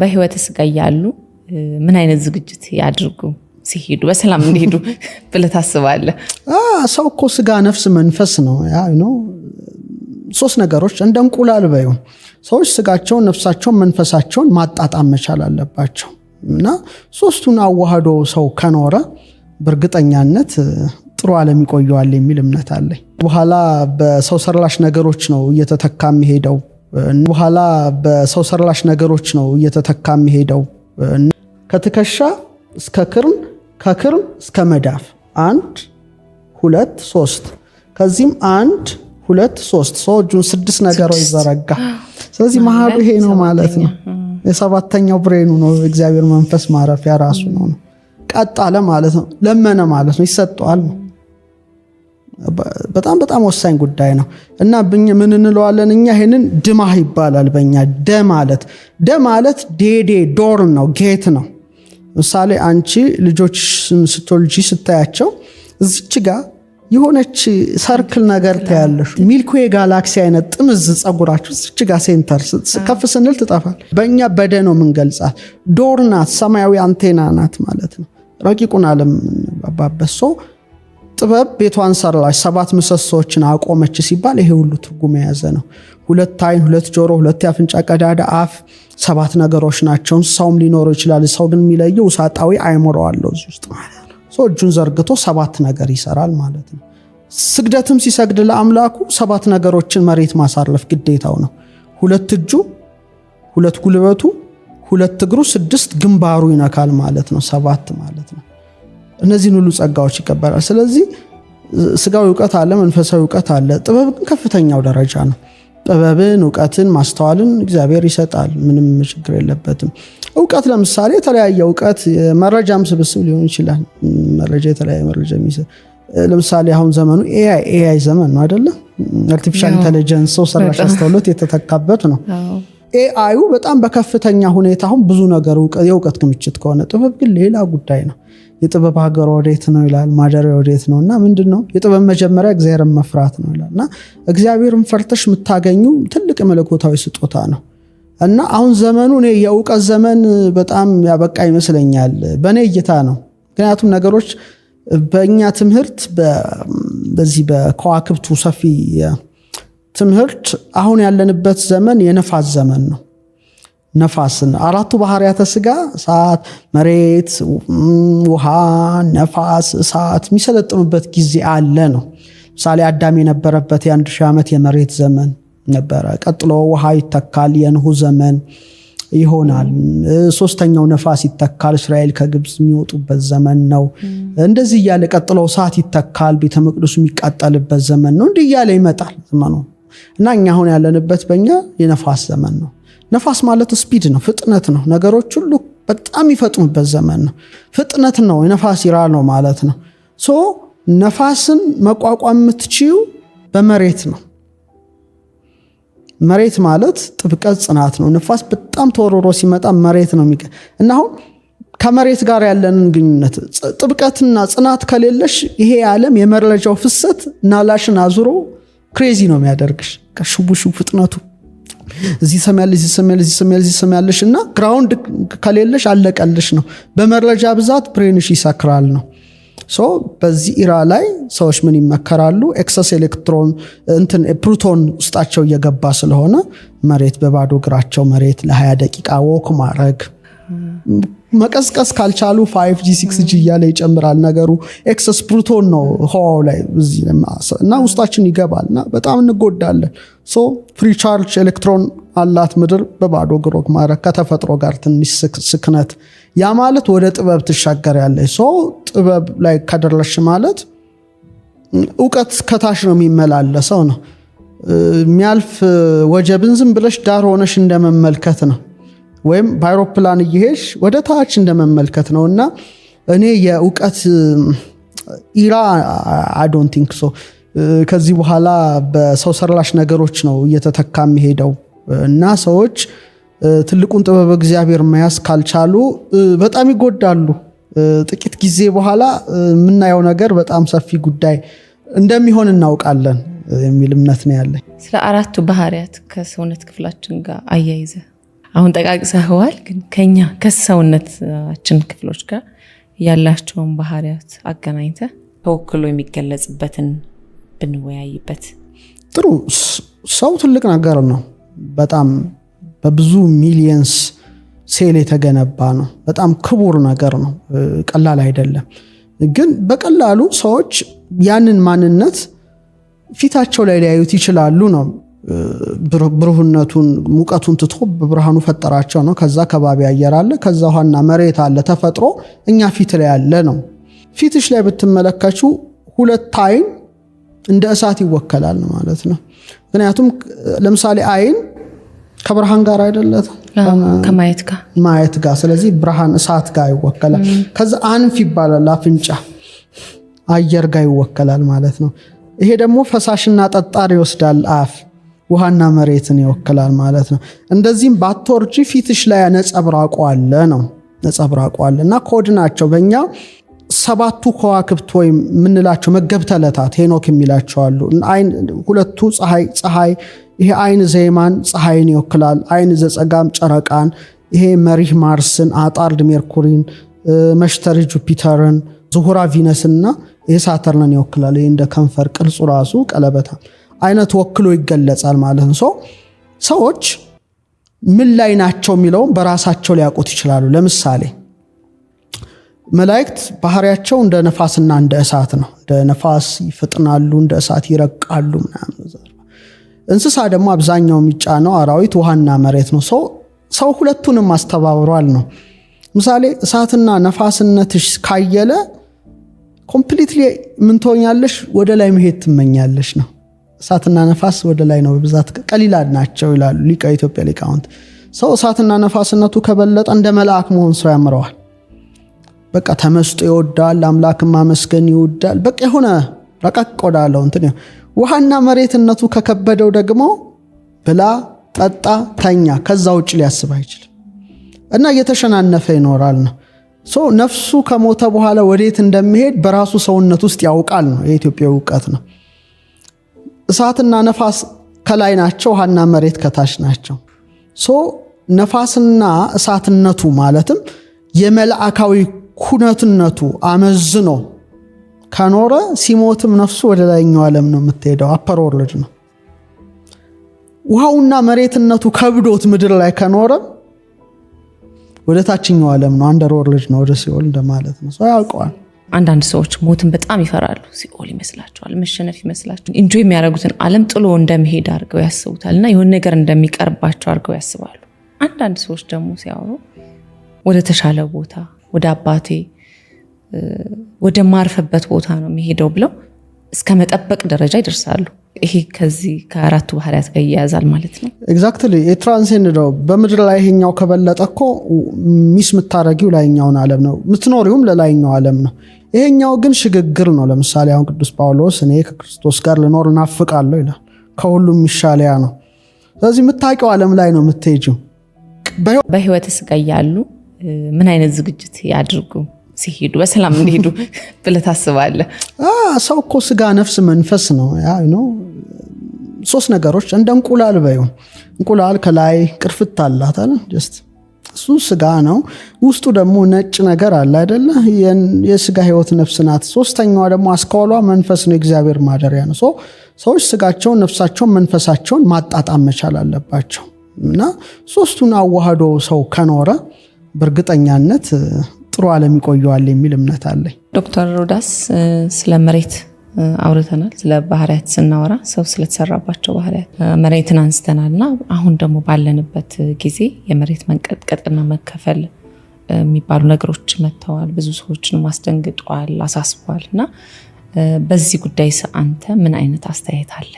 በህይወት ስጋ እያሉ ምን አይነት ዝግጅት ያድርጉ ሲሄዱ በሰላም እንዲሄዱ ብለ ታስባለ? ሰው እኮ ስጋ፣ ነፍስ፣ መንፈስ ነው። ሶስት ነገሮች እንደ እንቁላል በይው ሰዎች ስጋቸውን፣ ነፍሳቸውን፣ መንፈሳቸውን ማጣጣም መቻል አለባቸው እና ሶስቱን አዋህዶ ሰው ከኖረ በእርግጠኛነት ጥሩ ዓለም ይቆየዋል የሚል እምነት አለኝ። በኋላ በሰው ሰራሽ ነገሮች ነው እየተተካ የሚሄደው። በኋላ በሰው ሰራሽ ነገሮች ነው እየተተካ የሚሄደው። ከትከሻ እስከ ክርን፣ ከክርን እስከ መዳፍ አንድ ሁለት ሶስት፣ ከዚህም አንድ ሁለት ሶስት። ሰው እጁን ስድስት ነገሯ ይዘረጋ። ስለዚህ መሀሉ ይሄ ነው ማለት ነው። የሰባተኛው ብሬኑ ነው። እግዚአብሔር መንፈስ ማረፊያ ራሱ ነው። ቀጥ አለ ማለት ነው። ለመነ ማለት ነው። ይሰጠዋል ነው በጣም በጣም ወሳኝ ጉዳይ ነው እና ምን እንለዋለን እኛ ይህንን ድማህ ይባላል በእኛ ደ ማለት ደ ማለት ዴዴ ዶር ነው ጌት ነው ምሳሌ አንቺ ልጆች ስትወልጂ ስታያቸው እዚች ጋ የሆነች ሰርክል ነገር ታያለሽ ሚልክዌ ጋላክሲ አይነት ጥምዝ ፀጉራችሁ እዚች ጋ ሴንተር ከፍ ስንል ትጠፋል በእኛ በደ ነው የምንገልጻት ዶር ናት ሰማያዊ አንቴና ናት ማለት ነው ረቂቁን አለም ባበሶ ጥበብ ቤቷን ሰራች፣ ሰባት ምሰሶዎችን አቆመች ሲባል ይሄ ሁሉ ትርጉም የያዘ ነው። ሁለት አይን፣ ሁለት ጆሮ፣ ሁለት የአፍንጫ ቀዳዳ፣ አፍ ሰባት ነገሮች ናቸው። ሰውም ሊኖረው ይችላል። ሰው ግን የሚለየው ውሳጣዊ አይምሮ አለው እዚህ ውስጥ ሰው እጁን ዘርግቶ ሰባት ነገር ይሰራል ማለት ነው። ስግደትም ሲሰግድ ለአምላኩ ሰባት ነገሮችን መሬት ማሳረፍ ግዴታው ነው። ሁለት እጁ፣ ሁለት ጉልበቱ፣ ሁለት እግሩ፣ ስድስት ግንባሩ ይነካል ማለት ነው። ሰባት ማለት ነው። እነዚህን ሁሉ ጸጋዎች ይቀበላል። ስለዚህ ስጋዊ እውቀት አለ፣ መንፈሳዊ እውቀት አለ። ጥበብ ግን ከፍተኛው ደረጃ ነው። ጥበብን፣ እውቀትን፣ ማስተዋልን እግዚአብሔር ይሰጣል። ምንም ችግር የለበትም። እውቀት ለምሳሌ የተለያየ እውቀት መረጃም ስብስብ ሊሆን ይችላል። መረጃ የተለያየ መረጃ የሚሰጥ ለምሳሌ አሁን ዘመኑ ኤአይ ኤአይ ዘመን ነው አይደለም? አርቲፊሻል ኢንቴሊጀንስ ሰው ሰራሽ አስተውሎት የተተካበት ነው። ኤአዩ በጣም በከፍተኛ ሁኔታ አሁን ብዙ ነገር የእውቀት ክምችት ከሆነ ጥበብ ግን ሌላ ጉዳይ ነው። የጥበብ ሀገር ወዴት ነው ይላል፣ ማደሪያ ወዴት ነው እና ምንድን ነው የጥበብ መጀመሪያ እግዚአብሔርን መፍራት ነው ይላል እና እግዚአብሔርን ፈርተሽ የምታገኙ ትልቅ መለኮታዊ ስጦታ ነው እና አሁን ዘመኑ እኔ የእውቀት ዘመን በጣም ያበቃ ይመስለኛል በእኔ እይታ ነው። ምክንያቱም ነገሮች በእኛ ትምህርት በዚህ በከዋክብቱ ሰፊ ትምህርት አሁን ያለንበት ዘመን የነፋስ ዘመን ነው። ነፋስን አራቱ ባህርያተ ስጋ እሳት፣ መሬት፣ ውሃ፣ ነፋስ፣ እሳት የሚሰለጥኑበት ጊዜ አለ ነው። ምሳሌ አዳም የነበረበት የአንድ ሺህ ዓመት የመሬት ዘመን ነበረ። ቀጥሎ ውሃ ይተካል፣ የንሁ ዘመን ይሆናል። ሶስተኛው ነፋስ ይተካል፣ እስራኤል ከግብፅ የሚወጡበት ዘመን ነው። እንደዚህ እያለ ቀጥሎ እሳት ይተካል፣ ቤተ መቅደሱ የሚቃጠልበት ዘመን ነው። እንዲህ እያለ ይመጣል ዘመኑ እና እኛ አሁን ያለንበት በእኛ የነፋስ ዘመን ነው። ነፋስ ማለት ስፒድ ነው፣ ፍጥነት ነው። ነገሮች ሁሉ በጣም ይፈጥኑበት ዘመን ነው። ፍጥነት ነው፣ የነፋስ ይራ ነው ማለት ነው። ሶ ነፋስን መቋቋም የምትችዩ በመሬት ነው። መሬት ማለት ጥብቀት፣ ጽናት ነው። ነፋስ በጣም ተወርሮ ሲመጣ መሬት ነው የሚቀ እና አሁን ከመሬት ጋር ያለንን ግንኙነት ጥብቀትና ጽናት ከሌለሽ ይሄ ዓለም የመረጃው ፍሰት ናላሽን አዙሮ ክሬዚ ነው የሚያደርግሽ ከሽቡሹ ፍጥነቱ እዚህ ሰሚያለሽ፣ እዚህ ሰሚያለሽ፣ እዚህ ሰሚያለሽ፣ እዚህ ሰሚያለሽ እና ግራውንድ ከሌለሽ አለቀልሽ ነው። በመረጃ ብዛት ብሬንሽ ይሰክራል ነው። ሶ በዚህ ኢራ ላይ ሰዎች ምን ይመከራሉ? ኤክሰስ ኤሌክትሮን እንትን ፕሩቶን ውስጣቸው እየገባ ስለሆነ መሬት በባዶ እግራቸው መሬት ለ20 ደቂቃ ወክ ማድረግ መቀስቀስ ካልቻሉ ፋይቭ ጂ ሲክስ ጂ እያለ ይጨምራል ነገሩ። ኤክሰስ ፕሩቶን ነው ህዋው ላይ እና ውስጣችን ይገባል እና በጣም እንጎዳለን። ሶ ፍሪ ቻርጅ ኤሌክትሮን አላት ምድር በባዶ ግሮክ ማድረግ ከተፈጥሮ ጋር ትንሽ ስክነት፣ ያ ማለት ወደ ጥበብ ትሻገር ያለ ሶ ጥበብ ላይ ከደረሽ ማለት እውቀት ከታች ነው የሚመላለሰው ነው የሚያልፍ ወጀብን ዝም ብለሽ ዳር ሆነሽ እንደመመልከት ነው። ወይም በአይሮፕላን እየሄድሽ ወደ ታች እንደመመልከት ነው እና እኔ የእውቀት ኢራ አዶን ቲንክ ሶ ከዚህ በኋላ በሰው ሰራሽ ነገሮች ነው እየተተካ የሚሄደው እና ሰዎች ትልቁን ጥበብ እግዚአብሔር መያዝ ካልቻሉ በጣም ይጎዳሉ። ጥቂት ጊዜ በኋላ የምናየው ነገር በጣም ሰፊ ጉዳይ እንደሚሆን እናውቃለን የሚል እምነት ነው ያለኝ። ስለ አራቱ ባህሪያት ከሰውነት ክፍላችን ጋር አያይዘ አሁን ጠቃቅሰኸዋል፣ ግን ከኛ ከሰውነታችን ክፍሎች ጋር ያላቸውን ባህሪያት አገናኝተ ተወክሎ የሚገለጽበትን ብንወያይበት ጥሩ። ሰው ትልቅ ነገር ነው። በጣም በብዙ ሚሊየንስ ሴል የተገነባ ነው። በጣም ክቡር ነገር ነው። ቀላል አይደለም። ግን በቀላሉ ሰዎች ያንን ማንነት ፊታቸው ላይ ሊያዩት ይችላሉ ነው ብሩህነቱን ሙቀቱን ትቶ ብርሃኑ ፈጠራቸው ነው። ከዛ ከባቢ አየር አለ፣ ከዛ ውሃና መሬት አለ። ተፈጥሮ እኛ ፊት ላይ ያለ ነው። ፊትሽ ላይ ብትመለከቹ ሁለት አይን እንደ እሳት ይወከላል ማለት ነው። ምክንያቱም ለምሳሌ አይን ከብርሃን ጋር አይደለም ከማየት ጋር ማየት ጋር፣ ስለዚህ ብርሃን እሳት ጋር ይወከላል። ከዛ አንፍ ይባላል አፍንጫ አየር ጋር ይወከላል ማለት ነው። ይሄ ደግሞ ፈሳሽና ጠጣር ይወስዳል አፍ ውሃና መሬትን ይወክላል ማለት ነው። እንደዚህም ባትወርጂ ፊትሽ ላይ ነጸብራቁ አለ ነው ነጸብራቁ አለ እና ኮድ ናቸው በእኛ ሰባቱ ከዋክብት ወይም የምንላቸው መገብተለታት ሄኖክ የሚላቸው አሉ። ሁለቱ ፀሐይ፣ ይሄ አይን ዘይማን ፀሐይን ይወክላል። አይን ዘጸጋም ጨረቃን፣ ይሄ መሪህ ማርስን፣ አጣርድ ሜርኩሪን፣ መሽተሪ ጁፒተርን፣ ዝሁራ ቪነስና ይሄ ሳተርንን ይወክላል። ይሄ እንደ ከንፈር ቅርጹ ራሱ ቀለበታል። አይነት ወክሎ ይገለጻል ማለት ነው። ሰዎች ምን ላይ ናቸው የሚለውም በራሳቸው ሊያውቁት ይችላሉ። ለምሳሌ መላእክት ባህሪያቸው እንደ ነፋስና እንደ እሳት ነው። እንደ ነፋስ ይፈጥናሉ፣ እንደ እሳት ይረቃሉ ምናምን። እንስሳ ደግሞ አብዛኛው የሚጫነው አራዊት፣ ውሃና መሬት ነው። ሰው ሁለቱንም አስተባብሯል ነው። ምሳሌ እሳትና ነፋስነትሽ ካየለ ኮምፕሊትሊ ምን ትሆኛለሽ? ወደ ላይ መሄድ ትመኛለሽ ነው። እሳትና ነፋስ ወደ ላይ ነው በብዛት ቀሊላ ናቸው ይላሉ ሊቀ ኢትዮጵያ ሊቃውንት። ሰው እሳትና ነፋስነቱ ከበለጠ እንደ መልአክ መሆን ሰው ያምረዋል። በቃ ተመስጦ ይወዳል፣ አምላክን ማመስገን ይወዳል። በቃ የሆነ ረቀቅ ወዳለው እንትን ውሃና መሬትነቱ ከከበደው ደግሞ ብላ ጠጣ፣ ተኛ፣ ከዛ ውጭ ሊያስብ አይችልም እና እየተሸናነፈ ይኖራል ነው ነፍሱ ከሞተ በኋላ ወዴት እንደሚሄድ በራሱ ሰውነት ውስጥ ያውቃል ነው የኢትዮጵያ እውቀት ነው። እሳትና ነፋስ ከላይ ናቸው፣ ውሃና መሬት ከታች ናቸው። ሶ ነፋስና እሳትነቱ ማለትም የመልአካዊ ኩነትነቱ አመዝኖ ከኖረ ሲሞትም ነፍሱ ወደ ላይኛው ዓለም ነው የምትሄደው፣ አፐር ወርልድ ነው። ውሃውና መሬትነቱ ከብዶት ምድር ላይ ከኖረ ወደ ታችኛው ዓለም ነው፣ አንደር ወርልድ ነው፣ ወደ ሲኦል እንደማለት ነው። ሰው ያውቀዋል። አንዳንድ ሰዎች ሞትን በጣም ይፈራሉ። ሲኦል ይመስላቸዋል፣ መሸነፍ ይመስላቸዋል። ኢንጆይ የሚያደርጉትን አለም ጥሎ እንደመሄድ አድርገው ያስቡታል እና የሆነ ነገር እንደሚቀርባቸው አድርገው ያስባሉ። አንዳንድ ሰዎች ደግሞ ሲያወሩ ወደ ተሻለ ቦታ፣ ወደ አባቴ ማርፈበት ቦታ ነው የሚሄደው ብለው እስከ መጠበቅ ደረጃ ይደርሳሉ። ይሄ ከዚህ ከአራቱ ባህሪያት ጋር ይያያዛል ማለት ነው። ኤግዛክትሊ የትራንሴንድ በምድር ላይ ይሄኛው ከበለጠ እኮ ሚስ የምታረጊው ላይኛውን አለም ነው፣ የምትኖሪውም ለላይኛው አለም ነው። ይሄኛው ግን ሽግግር ነው። ለምሳሌ አሁን ቅዱስ ጳውሎስ እኔ ከክርስቶስ ጋር ልኖር እናፍቃለሁ ይላል። ከሁሉም ይሻለያ ነው። ስለዚህ የምታውቂው ዓለም ላይ ነው የምትሄጂው። በህይወት ያሉ ምን አይነት ዝግጅት ያድርጉ ሲሄዱ በሰላም እንዲሄዱ ብለህ ታስባለህ? ሰው እኮ ስጋ፣ ነፍስ፣ መንፈስ ነው። ሶስት ነገሮች እንደ እንቁላል በይሆን እንቁላል ከላይ ቅርፍት አላት እሱ ስጋ ነው። ውስጡ ደግሞ ነጭ ነገር አለ አይደለ? የስጋ ህይወት ነፍስ ናት። ሶስተኛዋ ደግሞ አስከዋሏ መንፈስ ነው፣ የእግዚአብሔር ማደሪያ ነው። ሰዎች ስጋቸውን፣ ነፍሳቸውን፣ መንፈሳቸውን ማጣጣም መቻል አለባቸው እና ሶስቱን አዋህዶ ሰው ከኖረ በእርግጠኛነት ጥሩ ዓለም ይቆየዋል የሚል እምነት አለኝ። ዶክተር ሮዳስ ስለ መሬት አውርተናል። ስለ ባህሪያት ስናወራ ሰው ስለተሰራባቸው ባህሪያት መሬትን አንስተናል እና አሁን ደግሞ ባለንበት ጊዜ የመሬት መንቀጥቀጥና መከፈል የሚባሉ ነገሮች መጥተዋል። ብዙ ሰዎችን አስደንግጧል፣ አሳስቧል እና በዚህ ጉዳይ አንተ ምን አይነት አስተያየት አለ?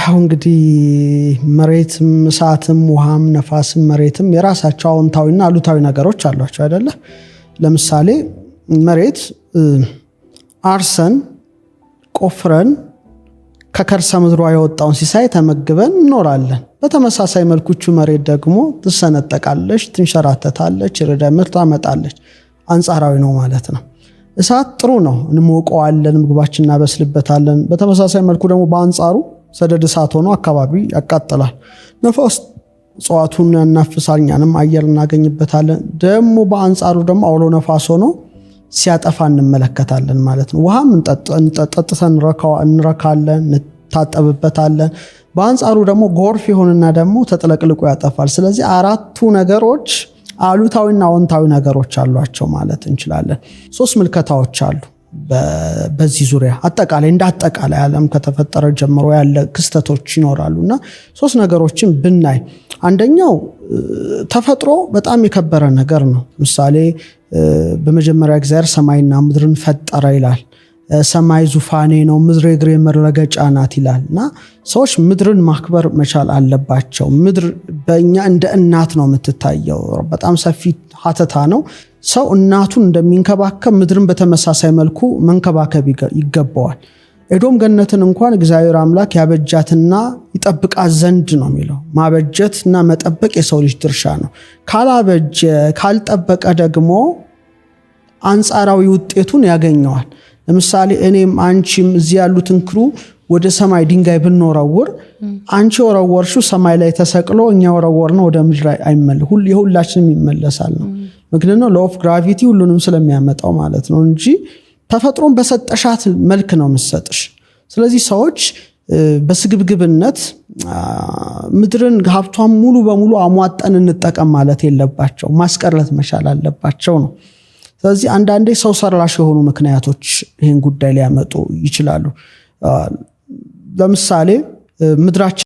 ያው እንግዲህ መሬትም እሳትም ውሃም ነፋስም መሬትም የራሳቸው አዎንታዊና አሉታዊ ነገሮች አሏቸው አይደለ? ለምሳሌ መሬት አርሰን ቆፍረን ከከርሰ ምድሯ የወጣውን ሲሳይ ተመግበን እኖራለን በተመሳሳይ መልኩቹ መሬት ደግሞ ትሰነጠቃለች፣ ትንሸራተታለች፣ ርዕደ ምርት ታመጣለች። አንጻራዊ ነው ማለት ነው። እሳት ጥሩ ነው፣ እንሞቀዋለን፣ ምግባችን እናበስልበታለን። በተመሳሳይ መልኩ ደግሞ በአንጻሩ ሰደድ እሳት ሆኖ አካባቢ ያቃጥላል። ነፋስ እጽዋቱን ያናፍሳል፣ እኛንም አየር እናገኝበታለን። ደግሞ በአንጻሩ ደግሞ አውሎ ነፋስ ሆነው ሲያጠፋ እንመለከታለን ማለት ነው። ውሃም ጠጥተን እንረካለን፣ እንታጠብበታለን። በአንጻሩ ደግሞ ጎርፍ ይሆንና ደግሞ ተጥለቅልቆ ያጠፋል። ስለዚህ አራቱ ነገሮች አሉታዊና አዎንታዊ ነገሮች አሏቸው ማለት እንችላለን። ሶስት ምልከታዎች አሉ በዚህ ዙሪያ አጠቃላይ እንደ አጠቃላይ ዓለም ከተፈጠረ ጀምሮ ያለ ክስተቶች ይኖራሉ እና ሶስት ነገሮችን ብናይ አንደኛው ተፈጥሮ በጣም የከበረ ነገር ነው። ምሳሌ በመጀመሪያ እግዚአብሔር ሰማይና ምድርን ፈጠረ ይላል። ሰማይ ዙፋኔ ነው፣ ምድር የእግሬ መረገጫ ናት ይላል እና ሰዎች ምድርን ማክበር መቻል አለባቸው። ምድር በእኛ እንደ እናት ነው የምትታየው። በጣም ሰፊ ሀተታ ነው። ሰው እናቱን እንደሚንከባከብ ምድርን በተመሳሳይ መልኩ መንከባከብ ይገባዋል። ኤዶም ገነትን እንኳን እግዚአብሔር አምላክ ያበጃትና ይጠብቃት ዘንድ ነው የሚለው። እና መጠበቅ የሰው ልጅ ድርሻ ነው። ካላበጀ ካልጠበቀ ደግሞ አንጻራዊ ውጤቱን ያገኘዋል። ለምሳሌ እኔም አንቺም እዚህ ያሉትን ክሩ ወደ ሰማይ ድንጋይ ብንወረውር አንቺ ወረወርሽው ሰማይ ላይ ተሰቅሎ እኛ ወረወር ነው ወደ ምድር አይመለስ የሁላችንም ይመለሳል ነው ምክንያት ነው ሎው ኦፍ ግራቪቲ ሁሉንም ስለሚያመጣው ማለት ነው እንጂ ተፈጥሮን በሰጠሻት መልክ ነው የምትሰጥሽ። ስለዚህ ሰዎች በስግብግብነት ምድርን ሀብቷን ሙሉ በሙሉ አሟጠን እንጠቀም ማለት የለባቸው፣ ማስቀረት መቻል አለባቸው ነው። ስለዚህ አንዳንዴ ሰው ሰራሽ የሆኑ ምክንያቶች ይህን ጉዳይ ሊያመጡ ይችላሉ። ለምሳሌ ምድራችን